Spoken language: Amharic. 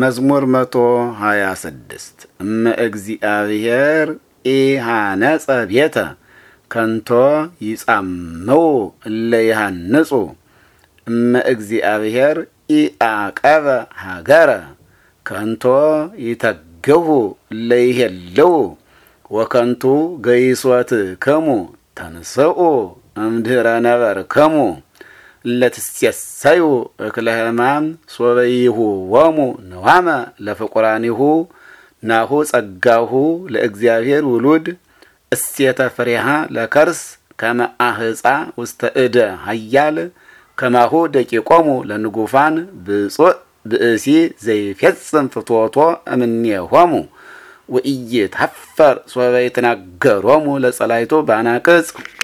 መዝሙር መቶ ሀያ ስድስት እመ እግዚአብሔር ኢሃነጸ ቤተ ከንቶ ይጻምው እለ ይሃንጹ እመ እግዚአብሔር ኢአቀበ ሃገረ ከንቶ ይተግሁ እለ ይሄልው ወከንቱ ከሙ ተንስኡ እምድረ ነበር ከሙ ለትሴሳዩ እክለ ሕማም ሶበ ይሁወሙ ንዋመ ለፍቁራኒሁ ናሁ ጸጋሁ ለእግዚአብሔር ውሉድ እሴተ ፍሬሃ ለከርስ ከመ አህፃ ውስተ እደ ሀያል ከማሁ ደቂቆሙ ለንጉፋን ብፁዕ ብእሲ ዘይፌጽም ፍትወቶ እምኔሆሙ ወኢይትሐፈር ሶበ ይትናገሮሙ ለጸላይቶ ባናቅጽ